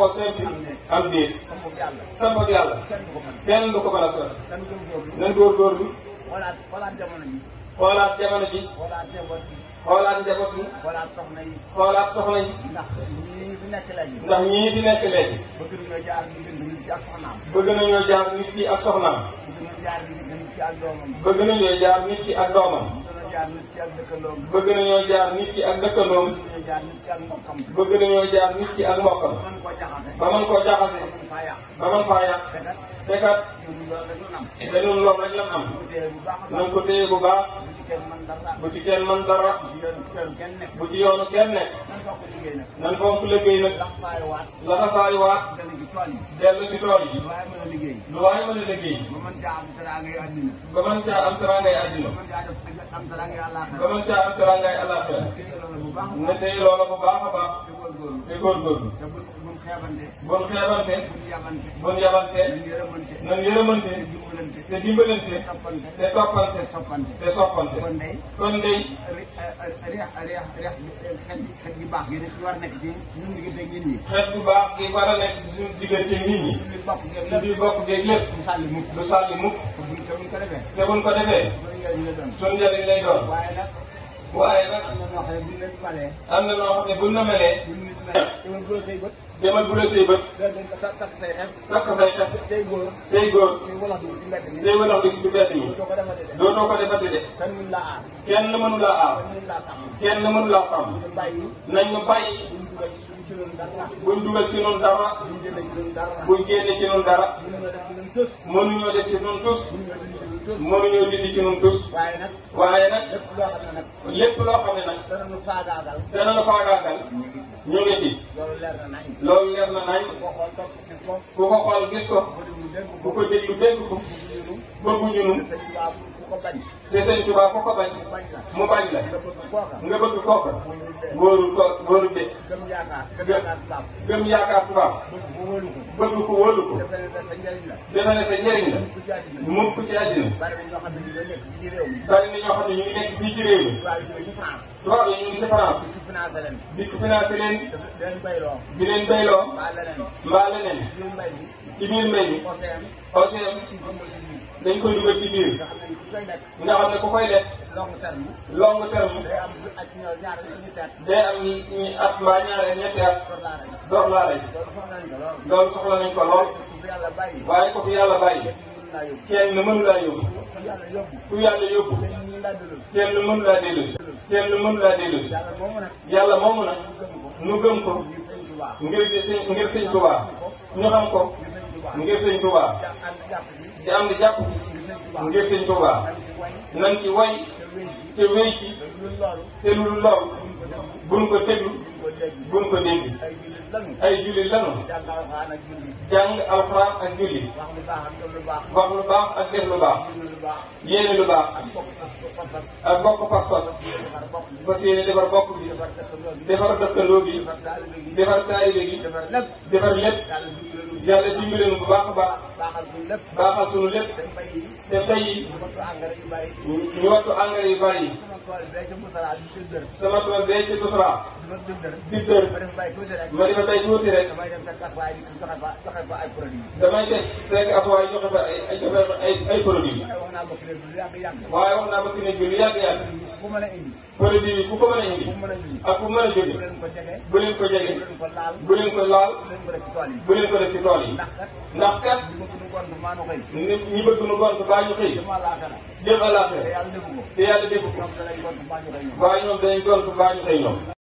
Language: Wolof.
ko seppi am déet sam ak yàlla kenn du ko bala sori bi xoolaat jamono ji xoolaat jamono ji xoolaat njaboot yi xoolaat soxna yi ndax ñii fi nekk léegi nekk léegi bëgg nañoo jaar nit ki ak soxnaam bëgg nañoo jaar nit ki ak doomam jaar nit ki ak dëkkandoom. jaar nit ki ak dëkkandoom. bëgg nañoo jaar ki ak mbokkam. bëgg nañoo jaar nit ki ak mbokkam. ba mën koo jaxase. ba mën koo jaxase. ba mën faa yàq. te kat. te kat. ñun loolu la am. te ko téye bu baax. kenn mën dara. bu ci kenn mën dara. bu ci yoonu kenn nekk. bu ci yoonu kenn nekk. nan ko liggéey nag. nan ko liggéey nag. laxasaayuwaat. laxasaayuwaat. dellu ci tool yi. dellu ci a a caa am teraangay àddina. ba caa am teraangay àddina. ba mën caa loola bu baax a baax. te góorgóorlu. te góorgóorlu. te buñ xeebante. yabante. buñ yabante. nañ yërëmante. nañ yërëmante. te dimbalante te toppante te soppante kon day kon day reex reex reex xet xet gi baax gi war a nekk ci suñu nit xet bu baax gi war a nekk ci suñu diggante nit ñi di bokk géeg di bokk géeg lépp du sàlli mukk du sàlli ko defee te buñ ko defee suñu doon waaye nag. am na ñoo xam ne buñ leen malee. am na ñoo xam ne buñ la malee. buñ nit malee demal bu la say bët. demal bu la say bët. takk say xef. takk say xef. tey góor. tey góor. tey walax dugg ci mbedd mi. tey walax dugg ci mbedd mi. dootoo ko defati de. dootoo ko defati de. kenn mënu laa aar. kenn mënu laa aar. kenn mënu laa sàmm. nañ bàyyi. nañ bàyyi. buñ dugal ci noonu dara. buñ génne ci noonu dara. mënuñoo def ci noonu tus. mënuñoo dindi ci ñun tus. waaye nag. waaye lépp loo xam ne nag. lépp loo xam ne nag. dana nu nu faagaagal. ñu ngi fi. loolu leer na nañ. loolu leer na ko xool topp ko. ku ko xool gis ko. bu ko. bëgguñu ñun te sëñ Tuubaa ku ko bañ mu bañ la nga bëgg kooka wóoru ko wóoru de gëm yaakaar tubaab bëgg ko wóolu ko defe ne sa njëriñ la mu ko ci àddina bari na ñoo xam ne ñu ngi nekk fii ci réew mi tubaab yi ñu ngi ci France di ko financé leen di leen bayloo mbaa leneen ci biir mbay mi OCM dañ koy dugal ci biir. nga xam ne ku koy lekk. long terme. long terme. am at mbaa ñaari ñetti at. door laa rey. loolu soxla nañ ko lool. waaye ko fi yàlla bàyyi. kenn mënu laa yóbbu. ku yàlla yóbbu. kenn mënu laa dellu. kenn mënu laa dellu. yàlla moomu nag. nu gëm ko. ngir ngir sëñ Tuubaa. ñu xam ko. ngir sëñ Tuubaa. te am na jàpp ngir sëñ Tuubaa nañ ci way te wéy ci te lu lool buñ ko déglu ko dégg buñ ko dégg ay jullit lanu ay jullit lanu ak julli jàng alxuraan baax ak def lu baax wax lu baax ak bokk pas-pas fas defar bokk bi defar dëkkandoo defar taalibe gi defar lépp yàlla dimbale nu bu baax a baax baaxal sunu lépp te tey wattu engrais yu bari sama tool dundal. ma def mbay tuuti rek. ma def mbay tuuti rek. damay def nag aswaay bi joxe fa joxe fa ay produits. damay def rek aswaay joxe fa ay ay joxe fa ay ay waaye wax naa ba kii lu yàgg yàgg. waaye wax naa ba kii lu yàgg yàgg. ku mën a indi. produit bi ku ko mën a ak ku mën a jóge. bu leen ko jege. bu leen ko laal. bu leen ko laal. ci tool yi. ndax kat. ñi bëgg nu gont maa nu baa ñu xëy. jëm àllaaxira. jëm àllaaxira. te yàlla defu ko. te baa ñu xëy ñoom.